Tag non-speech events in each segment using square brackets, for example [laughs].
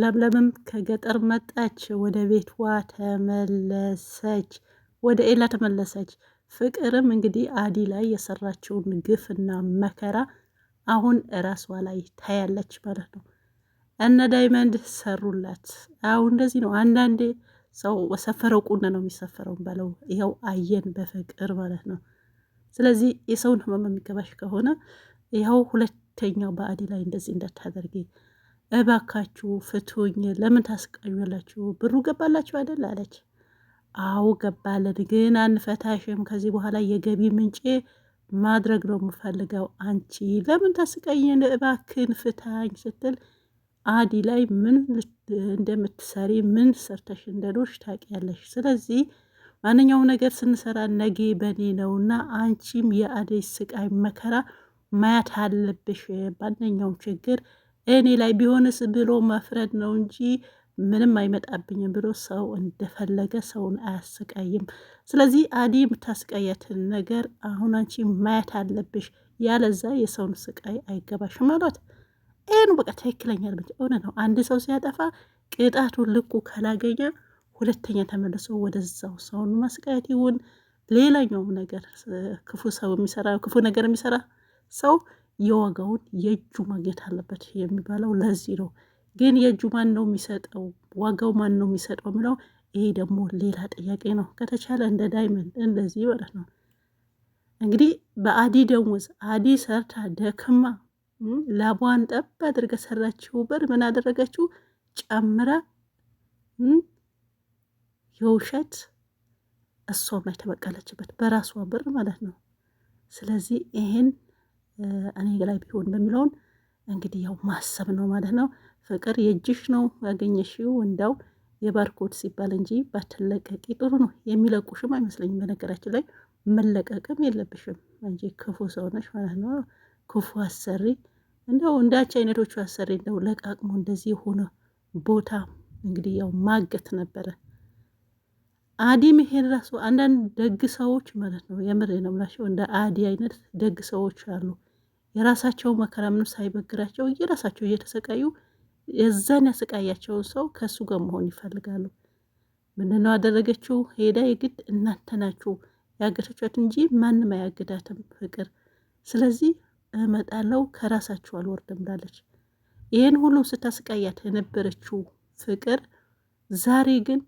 ለምለምም ከገጠር መጣች፣ ወደ ቤቷ ተመለሰች፣ ወደ ኤላ ተመለሰች። ፍቅርም እንግዲህ አዲ ላይ የሰራችውን ግፍና መከራ አሁን እራሷ ላይ ታያለች ማለት ነው። እነ ዳይመንድ ሰሩላት። አሁ እንደዚህ ነው። አንዳንዴ ሰው ሰፈረው ቁነ ነው የሚሰፈረው በለው። ይኸው አየን በፍቅር ማለት ነው። ስለዚህ የሰውን ህመም የሚገባሽ ከሆነ ይኸው ሁለተኛው በአዲ ላይ እንደዚህ እንዳታደርጊ እባካችሁ ፍቱኝ፣ ለምን ታስቃዩላችሁ? ብሩ ገባላችሁ አይደል አለች። አዎ ገባለን፣ ግን አንፈታሽም። ከዚህ በኋላ የገቢ ምንጭ ማድረግ ነው የምፈልገው። አንቺ ለምን ታስቀኝን? እባክን ፍታኝ ስትል አዲ ላይ ምን እንደምትሰሪ ምን ሰርተሽ እንደኖርሽ ታውቂያለሽ። ስለዚህ ማንኛውም ነገር ስንሰራ ነጌ በኔ እና አንቺም የአደይ ስቃይ መከራ ማያት አለብሽ። ማንኛውም ችግር እኔ ላይ ቢሆንስ ብሎ መፍረድ ነው እንጂ ምንም አይመጣብኝም ብሎ ሰው እንደፈለገ ሰውን አያሰቃይም። ስለዚህ አዲ የምታስቀያትን ነገር አሁን አንቺ ማየት አለብሽ፣ ያለዛ የሰውን ስቃይ አይገባሽም አሏት። ይህን በቃ ትክክለኛ እርምጃ እውነ ነው። አንድ ሰው ሲያጠፋ ቅጣቱ ልኩ ካላገኘ ሁለተኛ ተመልሶ ወደዛው ሰውን ማስቃየት ይሁን ሌላኛውም ነገር ክፉ ሰው የሚሰራ ክፉ ነገር የሚሰራ ሰው የዋጋውን የእጁ ማግኘት አለበት የሚባለው ለዚህ ነው። ግን የእጁ ማን ነው የሚሰጠው? ዋጋው ማን ነው የሚሰጠው የሚለው ይሄ ደግሞ ሌላ ጥያቄ ነው። ከተቻለ እንደ ዳይመንድ እንደዚህ ማለት ነው እንግዲህ በአዲ ደሞዝ አዲ ሰርታ ደክማ ላቧን ጠብ አድርጋ ሰራችው ብር ምን አደረገችው? ጨምራ የውሸት እሷም ላይ ተበቀለችበት በራሷ ብር ማለት ነው። ስለዚህ ይሄን እኔ ላይ ቢሆን በሚለውን እንግዲህ ያው ማሰብ ነው ማለት ነው። ፍቅር የእጅሽ ነው ያገኘሽው እንዳው የባርኮት ሲባል እንጂ ባትለቀቂ ጥሩ ነው። የሚለቁሽም አይመስለኝም። በነገራችን ላይ መለቀቅም የለብሽም እንጂ ክፉ ሰውነሽ ማለት ነው። ክፉ አሰሪ እንደው እንዳች አይነቶቹ አሰሪ እንደው ለቃቅሞ እንደዚህ የሆነ ቦታ እንግዲህ ያው ማገት ነበረ። አዲም ይሄን ራሱ አንዳንድ ደግ ሰዎች ማለት ነው። የምር ነው የምላቸው እንደ አዲ አይነት ደግ ሰዎች አሉ። የራሳቸው መከራ ምንም ሳይበግራቸው ራሳቸው እየተሰቃዩ የዛን ያሰቃያቸውን ሰው ከእሱ ጋር መሆን ይፈልጋሉ። ምንድነው ያደረገችው? ሄዳ የግድ እናንተ ናችሁ ያገተቻት እንጂ ማንም አያግዳትም ፍቅር። ስለዚህ እመጣለው ከራሳችሁ አልወርድም ብላለች። ይህን ሁሉ ስታስቃያት የነበረችው ፍቅር ዛሬ ግን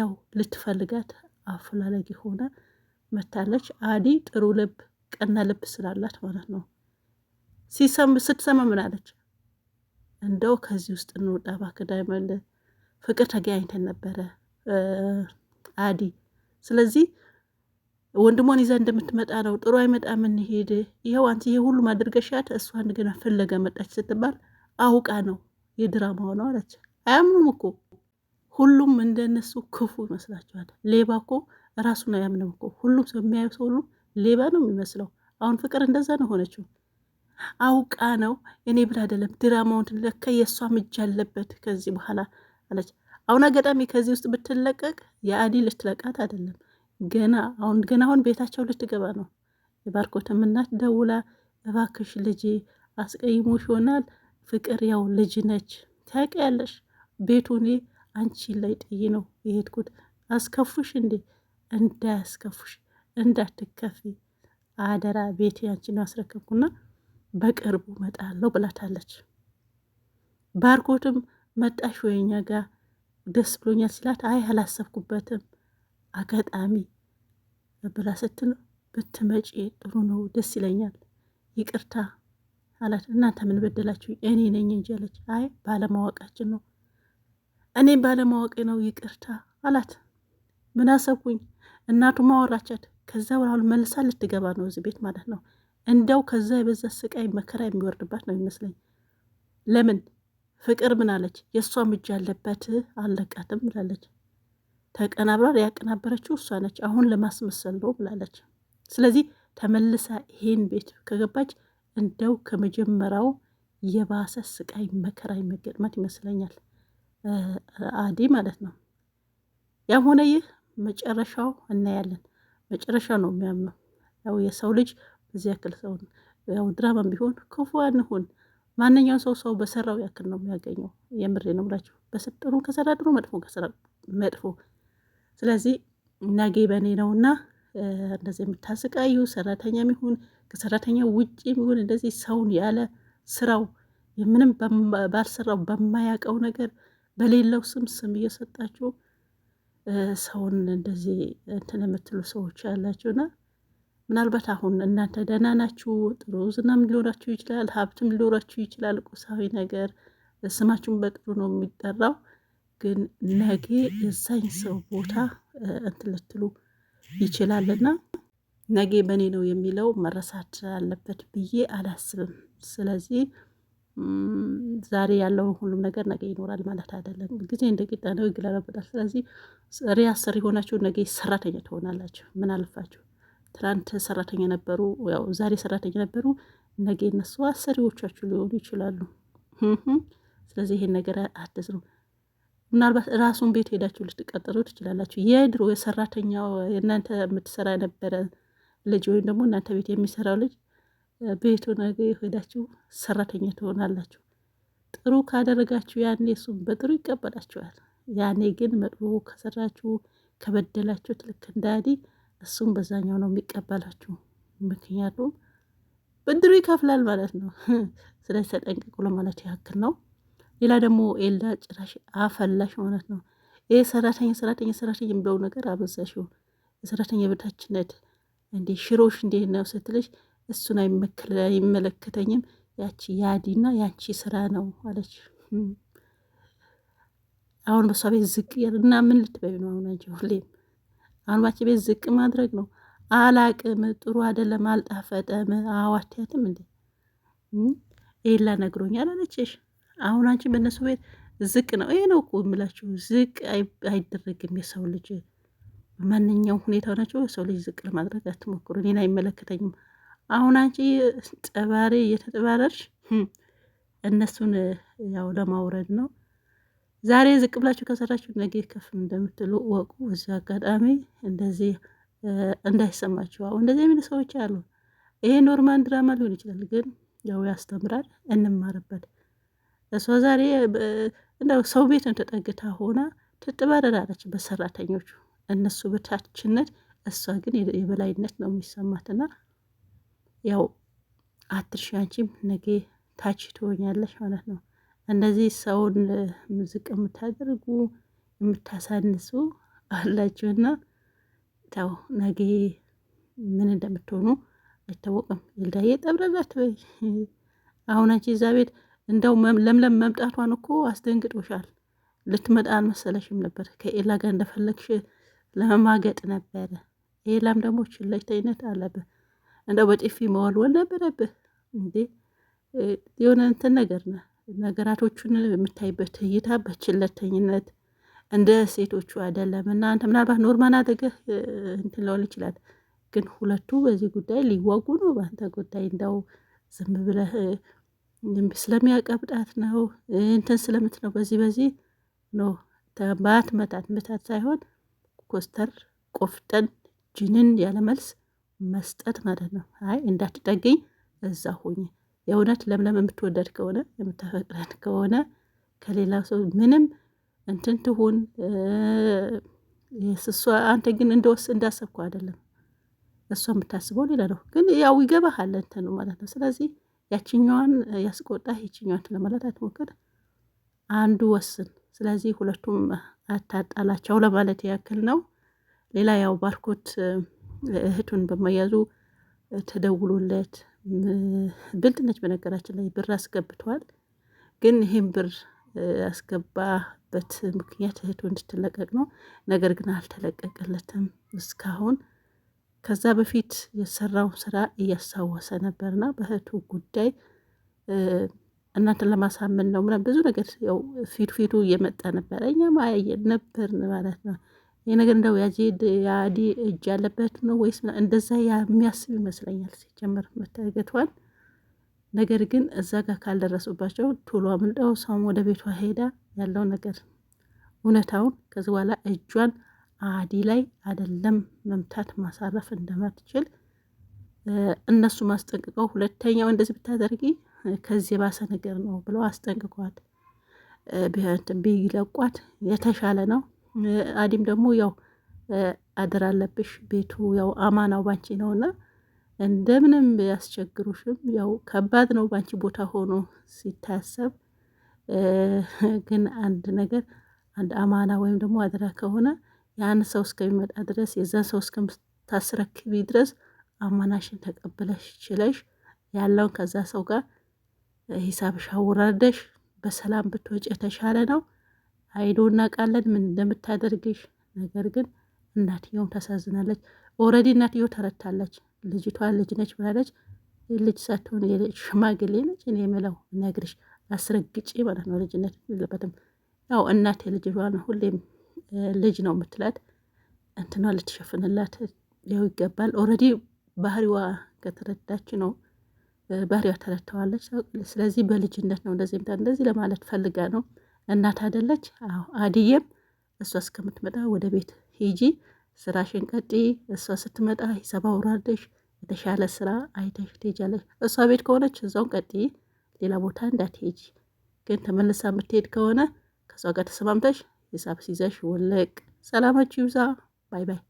ያው ልትፈልጋት አፈላላጊ ሆነ መታለች። አዲ ጥሩ ልብ ቀና ልብ ስላላት ማለት ነው። ስትሰማ ምን አለች? እንደው ከዚህ ውስጥ እንውጣ እባክህ ዳይመንድ ፍቅር ተገናኝተን ነበረ አዲ። ስለዚህ ወንድሟን ይዛ እንደምትመጣ ነው። ጥሩ አይመጣም፣ እንሂድ። ይኸው አንቺ ይሄ ሁሉም አድርገሻት፣ እሷን ግን ፈለገ መጣች ስትባል አውቃ ነው የድራማ ነው አለች። አያምኑም እኮ ሁሉም እንደነሱ ክፉ ይመስላችኋል። ሌባ እኮ ራሱን አያምንም እኮ። ሁሉም ሰው የሚያየው ሰው ሁሉ ሌባ ነው የሚመስለው። አሁን ፍቅር እንደዛ ነው ሆነችው። አውቃ ነው እኔ ብላ አይደለም ድራማውን ለካ የእሷም እጅ አለበት ከዚህ በኋላ አለች። አሁን አጋጣሚ ከዚህ ውስጥ ብትለቀቅ የአዲ ልትለቃት አይደለም ገና አሁን ገና አሁን ቤታቸው ልትገባ ነው። የባርኮትም እናት ደውላ እባክሽ ልጄ አስቀይሞሽ ይሆናል ፍቅር ያው ልጅ ነች ታውቂያለሽ፣ ቤቱ እኔ አንቺ ላይ ጥዬ ነው የሄድኩት። አስከፉሽ እንዴ? እንዳያስከፉሽ እንዳትከፊ አደራ ቤቴ አንቺ ነው ያስረከብኩና በቅርቡ መጣለው ብላታለች። ባርኮትም መጣሽ ወይ እኛ ጋ ደስ ብሎኛል ሲላት፣ አይ አላሰብኩበትም አጋጣሚ ብላ ስትል ብትመጪ ጥሩ ነው ደስ ይለኛል፣ ይቅርታ አላት። እናንተ ምን በደላችሁ? እኔ ነኝ እንጂ አለች። አይ ባለማወቃችን ነው እኔም ባለማወቅ ነው ይቅርታ አላት። ምን አሰብኩኝ? እናቱ ማወራቻት። ከዛ በኋላ መልሳ ልትገባ ነው እዚህ ቤት ማለት ነው። እንደው ከዛ የበዛ ስቃይ መከራ የሚወርድባት ነው ይመስለኝ። ለምን ፍቅር ምን አለች? የእሷም እጅ ያለበት አለቃትም ብላለች። ተቀናብራ ያቀናበረችው እሷ ነች። አሁን ለማስመሰል ነው ብላለች። ስለዚህ ተመልሳ ይሄን ቤት ከገባች እንደው ከመጀመሪያው የባሰ ስቃይ መከራ የሚገጥማት ይመስለኛል፣ አዴ ማለት ነው። ያም ሆነ ይህ መጨረሻው እናያለን። መጨረሻው ነው የሚያምነው ያው የሰው ልጅ እዚህ ያክል ሰው ያው ድራማም ቢሆን ክፉ አንሁን። ማንኛውም ሰው ሰው በሰራው ያክል ነው የሚያገኘው። የምሬ ነው ብላችሁ ጥሩ ከሰራ ጥሩ፣ መጥፎ ከሰራ መጥፎ። ስለዚህ ነገ በእኔ ነው ነውና እንደዚህ የምታስቃዩ ሰራተኛ ይሁን ከሰራተኛ ውጭ የሚሆን እንደዚህ ሰውን ያለ ስራው ምንም ባልሰራው በማያውቀው ነገር በሌለው ስም ስም እየሰጣችሁ ሰውን እንደዚህ እንትን የምትሉ ሰዎች ያላችሁና ምናልባት አሁን እናንተ ደህና ናችሁ፣ ጥሩ ዝናም ሊኖራችሁ ይችላል፣ ሀብትም ሊኖራችሁ ይችላል፣ ቁሳዊ ነገር ስማችሁን በጥሩ ነው የሚጠራው። ግን ነገ የዛኝ ሰው ቦታ እንትን ልትሉ ይችላልና ነገ በእኔ ነው የሚለው መረሳት አለበት ብዬ አላስብም። ስለዚህ ዛሬ ያለውን ሁሉም ነገር ነገ ይኖራል ማለት አይደለም። ጊዜ እንደ ቂጣ ነው፣ ይገለባበጣል። ስለዚህ ሪያሰር የሆናችሁ ነገ ሰራተኛ ትሆናላችሁ። ምን አልፋችሁ ትናንት ሰራተኛ ነበሩ፣ ያው ዛሬ ሰራተኛ ነበሩ፣ ነገ እነሱ አሰሪዎቻችሁ ሊሆኑ ይችላሉ። ስለዚህ ይሄን ነገር አትስሩ። ምናልባት ራሱን ቤት ሄዳችሁ ልትቀጠሩ ትችላላችሁ። የድሮ የሰራተኛው እናንተ የምትሰራ የነበረ ልጅ ወይም ደግሞ እናንተ ቤት የሚሰራው ልጅ ቤቱ ነገ ሄዳችሁ ሰራተኛ ትሆናላችሁ። ጥሩ ካደረጋችሁ ያኔ እሱም በጥሩ ይቀበላችኋል። ያኔ ግን መጥፎ ከሰራችሁ ከበደላችሁት ልክ እንዳዲ እሱም በዛኛው ነው የሚቀበላችሁ። ምክንያቱም ብድሩ ይከፍላል ማለት ነው። [laughs] ስለዚህ ተጠንቀቁ ለማለት ያክል ነው። ሌላ ደግሞ ኤላ ጭራሽ አፈላሽ ማለት ነው። ይህ ሰራተኛ ሰራተኛ ሰራተኛ የሚለው ነገር አበዛሽው። የሰራተኛ በታችነት እንዴ ሽሮሽ እንዴት ነው ስትልሽ እሱን አይመለከተኝም ያቺ ያዲና ያቺ ስራ ነው አለች። [laughs] አሁን በሷ ቤት ዝቅ እና ምን ልትበይ ነው አሁን አንቺ ሁሌም አልባች ቤት ዝቅ ማድረግ ነው። አላቅም፣ ጥሩ አይደለም፣ አልጣፈጠም። አዋትያትም እንዴ ይላ ነግሮኛል አለችሽ። አሁን አንቺ በእነሱ ቤት ዝቅ ነው። ይሄ ነው እኮ የምላችሁ፣ ዝቅ አይደረግም። የሰው ልጅ ማንኛውም ሁኔታ ናቸው። የሰው ልጅ ዝቅ ለማድረግ አትሞክሩ። እኔን አይመለከተኝም። አሁን አንቺ ጠባሪ እየተጠባረርሽ እነሱን ያው ለማውረድ ነው ዛሬ ዝቅ ብላችሁ ከሰራችሁ ነገ ከፍ እንደምትሉ ወቁ። እዚህ አጋጣሚ እንደዚህ እንዳይሰማችሁ። አሁ እንደዚህ የሚሉ ሰዎች አሉ። ይሄ ኖርማን ድራማ ሊሆን ይችላል፣ ግን ያው ያስተምራል፣ እንማርበት። እሷ ዛሬ እንደው ሰው ቤት ተጠግታ ሆና ትጥባረራለች በሰራተኞቹ እነሱ በታችነት፣ እሷ ግን የበላይነት ነው የሚሰማትና ያው አትርሺ፣ አንቺም ነገ ታች ትሆኛለች ማለት ነው። እንደዚህ ሰውን ሙዚቃ የምታደርጉ የምታሳንሱ አላችሁና ተው ነገ ምን እንደምትሆኑ አይታወቅም። ኤልዳዬ ጠብረዛት በይ። አሁን አንቺ እዛ ቤት እንደው ለምለም መምጣቷን እኮ አስደንግጦሻል። ልትመጣ አልመሰለሽም ነበር። ከኤላ ጋር እንደፈለግሽ ለመማገጥ ነበረ። ኤላም ደግሞ ችለኝተኝነት አለብህ። እንደው በጥፊ መወልወል ነበረብህ እንዴ? የሆነ እንትን ነገር ነህ ነገራቶቹን የምታይበት እይታ በችለተኝነት እንደ ሴቶቹ አይደለም። እና አንተ ምናልባት ኖርማን አድርገህ እንትን ሊሆን ይችላል፣ ግን ሁለቱ በዚህ ጉዳይ ሊዋጉ ነው። በአንተ ጉዳይ እንደው ዝም ብለህ ስለሚያቀብጣት ነው እንትን ስለምት ነው በዚህ በዚህ ነው ባት መታት መታት ሳይሆን ኮስተር ቆፍጠን ጅንን ያለመልስ መስጠት ማለት ነው። አይ እንዳትጠገኝ እዛ ሆኜ የእውነት ለምለም የምትወደድ ከሆነ የምታፈቅረን ከሆነ ከሌላ ሰው ምንም እንትን ትሁን እሷ አንተ ግን እንደወስ እንዳሰብኩ አይደለም። እሷ የምታስበው ሌላ ነው። ግን ያው ይገባሃል እንትን ማለት ነው። ስለዚህ ያችኛዋን ያስቆጣ ይችኛዋን ለማለት አትሞክር። አንዱ ወስን። ስለዚህ ሁለቱም አታጣላቸው ለማለት ያክል ነው። ሌላ ያው ባርኮት እህቱን በመያዙ ተደውሎለት ብልጥ ነች። በነገራችን ላይ ብር አስገብተዋል። ግን ይህም ብር ያስገባበት ምክንያት እህቱ እንድትለቀቅ ነው። ነገር ግን አልተለቀቀለትም እስካሁን። ከዛ በፊት የሰራውን ስራ እያስታወሰ ነበርና በእህቱ ጉዳይ እናንተን ለማሳመን ነው ምናምን ብዙ ነገር ያው ፊቱ ፊቱ እየመጣ ነበረ። እኛም አያየን ነበር ማለት ነው። ይህ ነገር እንደው ያዜድ የአዲ እጅ ያለበት ነው ወይስ እንደዛ የሚያስብ ይመስለኛል። ሲጀመር መታገቷን ነገር ግን እዛ ጋር ካልደረሱባቸው ቶሎ አምልጠው ሰውም ወደ ቤቷ ሄዳ ያለው ነገር እውነታውን ከዚ በኋላ እጇን አዲ ላይ አይደለም መምታት ማሳረፍ እንደማትችል እነሱ አስጠንቅቀው ሁለተኛው እንደዚህ ብታደርጊ ከዚህ የባሰ ነገር ነው ብለው አስጠንቅቋት ቢለቋት የተሻለ ነው። አዲም ደግሞ ያው አደር አለብሽ ቤቱ ያው አማናው ባንቺ ነውና እንደምንም ያስቸግሩሽም ያው ከባድ ነው ባንቺ ቦታ ሆኖ ሲታሰብ። ግን አንድ ነገር አንድ አማና ወይም ደግሞ አደራ ከሆነ ያን ሰው እስከሚመጣ ድረስ የዛን ሰው እስከምታስረክቢ ድረስ አማናሽን ተቀብለሽ ችለሽ ያለውን ከዛ ሰው ጋር ሂሳብሽ አውራደሽ በሰላም ብትወጪ የተሻለ ነው። አይዶ እናውቃለን ምን እንደምታደርግሽ። ነገር ግን እናትየውም ተሳዝናለች። ኦልሬዲ እናትየው ተረታለች። ልጅቷ ልጅ ነች ምናለች፣ ልጅ ሳትሆን ሽማግሌ ነች። እኔ የምለው ነግርሽ አስረግጬ ማለት ነው። ልጅነት የለበትም። ያው እናት የልጅ ባል ሁሌም ልጅ ነው የምትላት እንትና ልትሸፍንላት ያው ይገባል። ኦልሬዲ ባህሪዋ ከተረዳች ነው ባህሪዋ ተረድተዋለች። ስለዚህ በልጅነት ነው እንደዚህ እንደዚህ ለማለት ፈልጋ ነው። እናት አደለች? አዎ። አድዬም እሷ እስከምትመጣ ወደ ቤት ሂጂ፣ ስራሽን ቀጢ እሷ ስትመጣ ሂሳብ አውራለሽ፣ የተሻለ ስራ አይተሽ ትሄጃለሽ። እሷ ቤት ከሆነች እዛውን ቀጢ፣ ሌላ ቦታ እንዳትሄጂ። ግን ተመልሳ የምትሄድ ከሆነ ከእሷ ጋር ተሰማምተሽ ሂሳብ ሲዘሽ ውልቅ። ሰላማችሁ ይብዛ። ባይ ባይ።